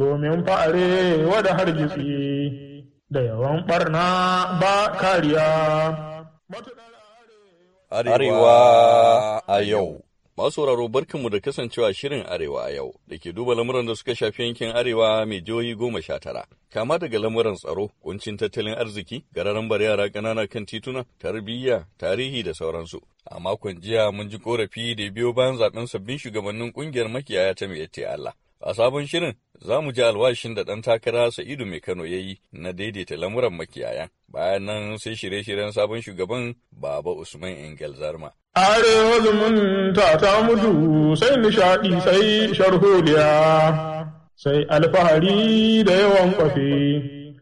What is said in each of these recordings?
domin fa'are wada hargitsi da yawan ɓarna ba kariya. Arewa a yau Masauraro barkanmu da kasancewa shirin Arewa a yau da ke duba lamuran da suka shafi yankin Arewa mai jihohi goma sha tara. Kama daga lamuran tsaro, kuncin tattalin arziki, gararan bar yara ƙanana kan tituna, tarbiyya, tarihi da sauransu. A makon jiya mun ji korafi da biyo bayan zaben sabbin shugabannin ƙungiyar makiyaya ta mai Allah. A sabon shirin za mu ji alwashin da ɗan takara Sa'idu Mai Kano ya yi na daidaita lamuran makiyaya. Bayan nan sai shirye-shiryen sabon shugaban Baba Usman Engel Zarma. Are mun ta ta mutu sai nishaɗi sai sharholiya sai alfahari da yawan kwafi.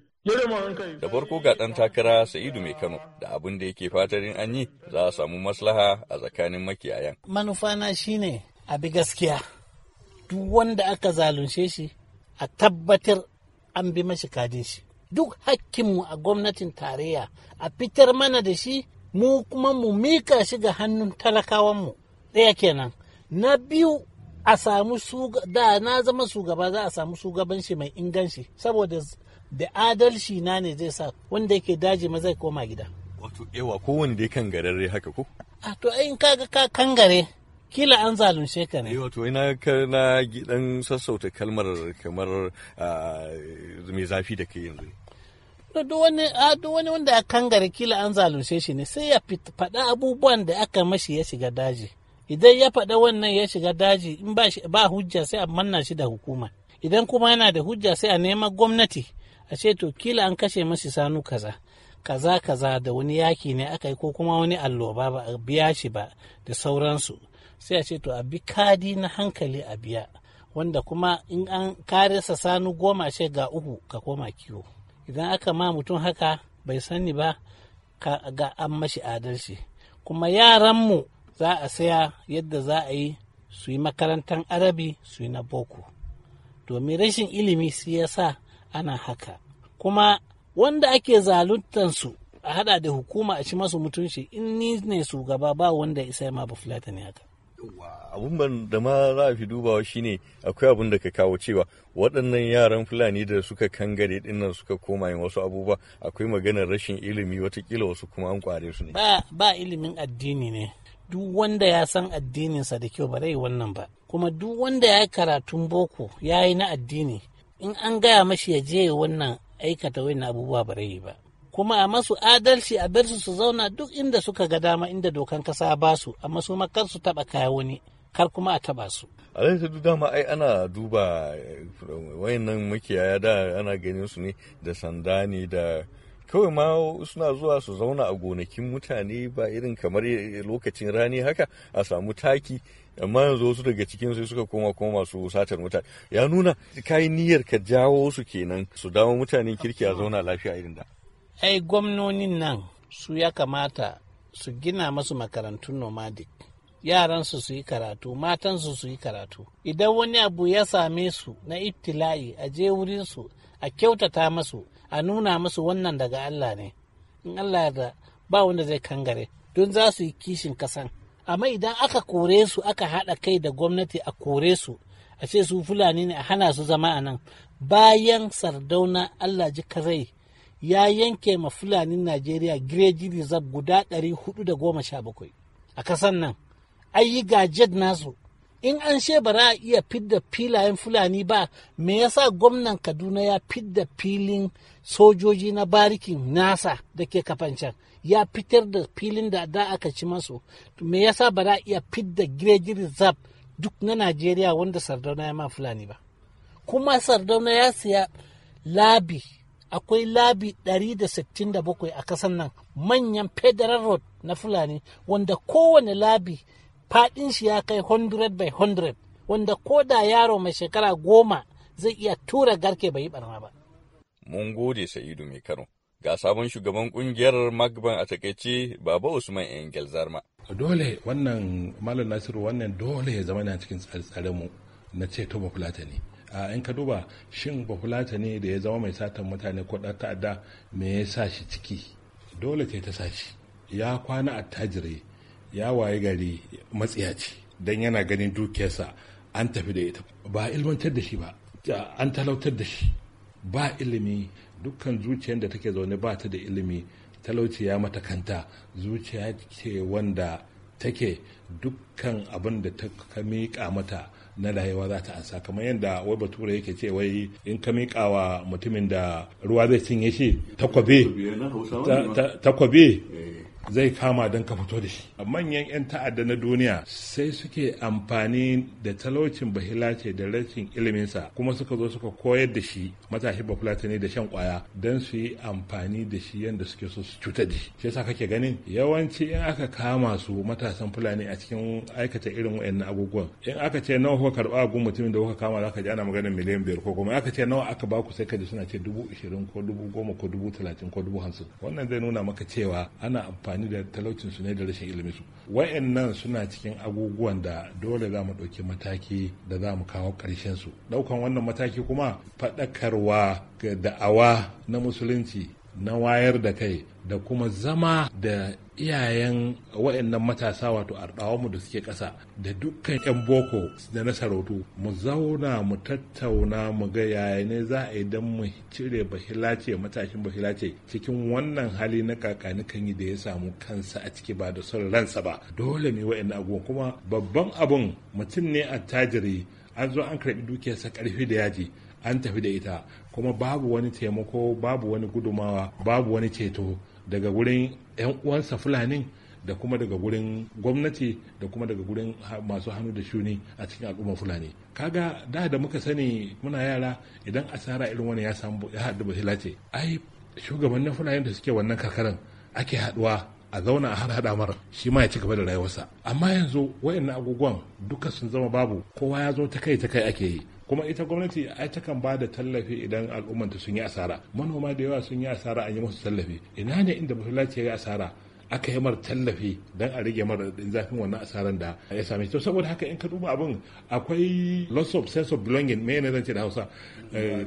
Da farko ga ɗan takara Sa'idu Mai Kano da abin da yake fatarin an yi za a samu maslaha a tsakanin makiyayan. Manufana shine abi gaskiya. duk wanda aka zalunce shi a tabbatar an bi mashi kadin shi duk hakkinmu a gwamnatin tarayya a fitar mana da shi mu kuma mu mika shi ga hannun talakawanmu ɗaya kenan na biyu a samu da na zama shugaba za a samu shugabanci mai inganci saboda da adalci na ne zai sa wanda yake daji ma zai koma gida wato yawa kowane ya kan gare haka ko a to in kaga ka kangare kila an zalunce ka ne. Wato ina ka na gidan sassauta kalmar kamar ah, mai zafi da kai yanzu. Duk wani wanda ya kangare kila an zalunce shi ne sai ya faɗa abubuwan da aka mashi ya shiga daji. Idan ya faɗa wannan ya shiga daji in ba hujja sai a manna shi da hukuma. Idan kuma yana da hujja sai a nema gwamnati a ce to kila an kashe masa sanu kaza. kaza kaza da wani yaki ne aka yi ko kuma wani alloba ba a biya shi ba da sauransu. sai a ce to a bi kadi na hankali a biya wanda kuma in an kare sa sanu goma ce ga uku ka koma kiwo idan aka ma mutum haka bai sani ba ga an mashi adalci kuma yaranmu za a saya yadda za a yi su yi makarantar arabi su yi na boko domin rashin ilimi su ya sa ana haka kuma wanda ake su a hada da hukuma a ci masu mutunci in ni ne su gaba ba wanda isa ma ba fulata ne haka abun da ma za a fi dubawa shine akwai abun da ka kawo cewa waɗannan yaran fulani da suka kangare dinnan suka koma yin wasu abubuwa akwai maganar rashin ilimi watakila wasu kuma an kware su ne ba ilimin addini ne duk wanda ya san addininsa da kyau ba zai wannan ba kuma duk wanda ya karatun boko ya yi na addini in an gaya mashi ya je wannan aikata wani abubuwa ba zai ba kuma a masu adalci a bar su su zauna duk inda suka ga dama inda dokan kasa ba su amma su kar su taba kaya wani kar kuma a taba su a ta dama ai ana duba eh, wayannan makiyaya da ana ganin su ne da sanda ne da kawai ma suna zuwa su zauna a gonakin mutane ba irin kamar eh, lokacin rani haka a samu taki amma yanzu wasu daga cikin sai suka koma kuma masu satar mutane ya nuna kayi niyyar ka jawo su kenan su dawo mutanen kirki a zauna lafiya irin da ai gwamnonin nan su ya kamata su gina masu makarantun nomadic yaransu su yi karatu matansu su yi karatu idan wani abu ya same su na ibtila'i a je wurinsu a kyautata masu a nuna masu wannan daga allah ne in allah da ba wanda zai kangare don za su yi kishin kasan amma idan aka kore su aka haɗa kai da gwamnati a kore su a ce su fulani ne a hana su zama a nan bayan sardauna allah ji zai. ya yanke ma Fulanin Najeriya gireji Reserve guda 417 a kasan nan. Ayi gajet nasu in an she bara a iya fidda filayen fulani ba me yasa gwamnan kaduna ya fidda filin sojoji na barikin nasa da ke kafancan ya fitar da filin da da aka ci masu me yasa bara a iya fidda gireji reserve duk na najeriya wanda sardauna ya ma fulani ba kuma sardauna ya siya labi akwai labi 167 a kasar nan manyan federal road na fulani wanda kowane labi faɗin shi ya kai 100 by 100 wanda ko da yaro mai shekara goma zai iya tura garke bai yi barna ba. Mun gode Sa'idu mai Kano. Ga sabon shugaban kungiyar Magban a takaice Baba Usman Engel Zarma. Dole wannan Malam Nasiru wannan dole ya zama na cikin tsare mu na ceto ba fulata ne. A in ka duba shin bahulata ne da ya zama mai satan mutane ko ɗan ta'adda me ya sa shi ciki dole ta ta sa shi ya kwana a tajire ya waye gari Dan don yana ganin dukiyarsa an tafi da ita ba ilmantar da shi ba an talautar da shi ba ilimi dukkan zuciyar da take zaune ba ta da ilimi talauci ya mata kanta zuciya ce wanda take dukkan abin da ta miƙa mata na rayuwa za ta ansa kamar yadda wai bature yake ce wai in ka miƙa wa mutumin da ruwa zai cinye shi takwabe takwabe zai kama don ka fito da shi manyan 'yan ta'adda na duniya sai suke amfani da talaucin bahila ce da rashin iliminsa kuma suka zo suka koyar da shi matashi bafulatani da shan kwaya don su yi amfani da shi yadda suke so su cutar da shi shi yasa kake ganin yawanci in aka kama su matasan fulani a cikin aikata irin wayannan abubuwan in aka ce nawa kuka karba gun mutumin da kuka kama zaka ji ana maganar miliyan biyar ko kuma aka ce nawa aka baku sai ka ji suna ce dubu ishirin ko dubu goma ko dubu talatin ko dubu hamsin wannan zai nuna maka cewa ana amfani amfani da talaucin su ne da rashin ilimin su wayannan suna cikin abubuwan da dole za mu ɗauki mataki da za mu kawo ƙarshen su ɗaukan wannan mataki kuma faɗakarwa ga da'awa na musulunci na wayar da kai da kuma zama da iyayen waɗannan matasa wato mu da suke ƙasa da dukkan 'yan boko da na sarautu mu zauna mu tattauna mu ga yaya ne za a yi don mu cire bahilace matashin bahilace cikin wannan hali na kakani kan yi da ya samu kansa a ciki ba da son ransa ba dole ne waɗannan abubuwan kuma babban abun mutum ne tajiri an zo an karɓi dukiyarsa ƙarfi da yaji an tafi da ita kuma babu wani taimako babu wani gudumawa babu wani ceto daga wurin 'yan uwansa fulani da kuma daga gurin gwamnati da kuma daga gurin masu hannu da shuni a cikin al'umma fulani kaga da da muka sani muna yara idan asara irin wani ya samu ya haɗu ba ce ai shugabannin fulani da suke wannan karkaran ake haɗuwa a zauna a harhaɗa mara shi ma ya ci gaba da rayuwarsa amma yanzu wayannan agogon duka sun zama babu kowa ya zo ta kai ta kai ake yi kuma ita gwamnati ai takan ba da tallafi idan al'ummanta sun yi asara manoma da yawa sun yi asara an yi musu tallafi ina ne inda masallaci ya yi asara aka yi mara tallafi don a rage mar zafin wannan asaran da ya same to saboda haka in ka duba abin akwai loss of sense of belonging me ne zance da Hausa eh,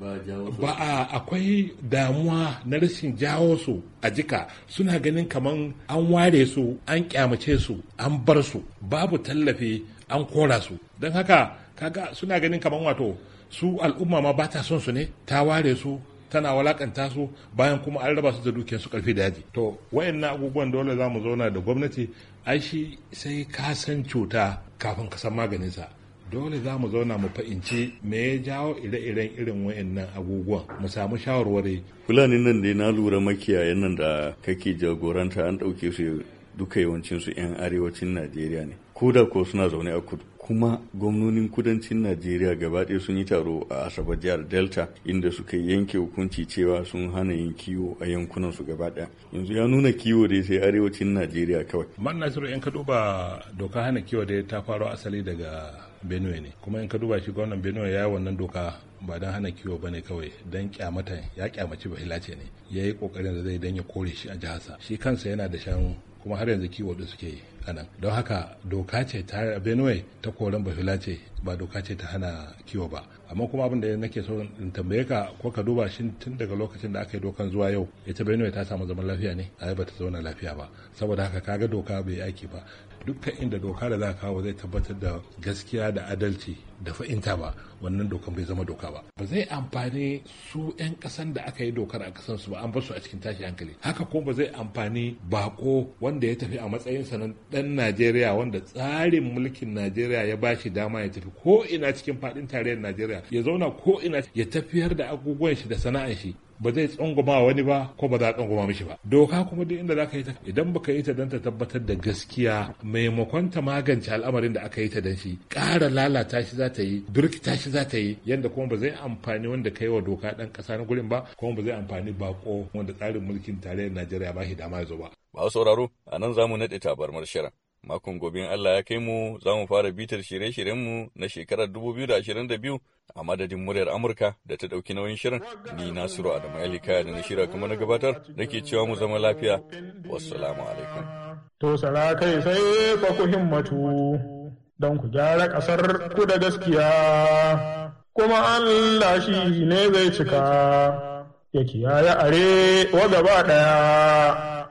ba a akwai damuwa na rashin jawo su a jika suna ganin kaman an ware su an kyamace su an bar su babu tallafi an kora su don haka kaga suna ganin kaman wato su al'umma ma ba ta son su ne ta ware su tana walakanta su bayan kuma an raba su da su karfi da yaji to wayannan abubuwan dole za mu zauna da gwamnati ai shi sai ka san cuta kafin ka san maganin sa dole za mu zauna mu fahimci me ya jawo ire-iren irin wayannan abubuwan mu samu shawarwari fulani nan dai na lura makiyayan nan da kake jagoranta an ɗauke su duka yawancinsu 'yan arewacin najeriya ne ko da ko suna zaune a kudu kuma gwamnonin kudancin najeriya gaba ɗaya sun yi taro a asabar jihar delta inda suka yanke hukunci cewa sun hana yin kiwo a yankunan su gaba ɗaya yanzu ya nuna kiwo dai sai arewacin najeriya kawai man nasiru in ka duba doka hana kiwo dai ta faro asali daga benue ne kuma in ka duba shi gwamnan benue ya yi wannan doka ba don hana kiwo ne kawai don kyamata ya kyamaci bahila ce ne ya yi kokarin da zai don ya kore shi a jiharsa shi kansa yana da shanu kuma har yanzu kiwo da suke yi anan don haka doka ce ta benue ta koren bafila ce ba doka ce ta hana kiwo ba amma kuma abin da nake so in tambaye ka ko ka duba shi tun daga lokacin da aka yi dokan zuwa yau ita benue ta samu zaman lafiya ne a ba ta zauna lafiya ba saboda haka kaga doka bai aiki ba dukkan inda doka da za ka kawo zai tabbatar da gaskiya da adalci da fa'inta ba wannan dokan bai zama doka ba ba zai amfani su 'yan kasan da aka yi dokar a kasan su ba an bar su a cikin tashi hankali haka ko ba zai amfani bako wanda ya tafi a matsayin sanan ɗan najeriya wanda tsarin mulkin najeriya ya bashi dama ya tafi ko ina cikin faɗin tarayyar najeriya ya zauna ko ina ya tafiyar da agogon shi da sana'an shi ba zai tsangwama wani ba ko ba za a tsangwama mishi ba doka kuma duk inda za ka yi ta idan baka yi ta dan ta tabbatar da gaskiya maimakon ta magance al'amarin da aka yi ta dan shi ƙara lalata shi za ta yi durkita shi za ta yi yadda kuma ba zai amfani wanda ka yi wa doka dan ƙasa na gurin ba kuma ba zai amfani bako wanda tsarin mulkin tarayyar najeriya ba shi dama ya zo ba Ba sauraro, a nan za mu naɗe tabarmar shirin. Makon gobe Allah ya kai mu za mu fara bitar shirye-shiryenmu na shekarar 2022 a madadin muryar Amurka da ta ɗauki nauyin shirin. Ni Nasiru Adamu Alika da na shirya kuma na gabatar nake cewa mu zama lafiya. Wassalamu alaikum. To sara kai sai fa ku himmatu don ku gyara ƙasar ku da gaskiya. Kuma Allah shi ne zai cika ya kiyaye are wa gaba ɗaya.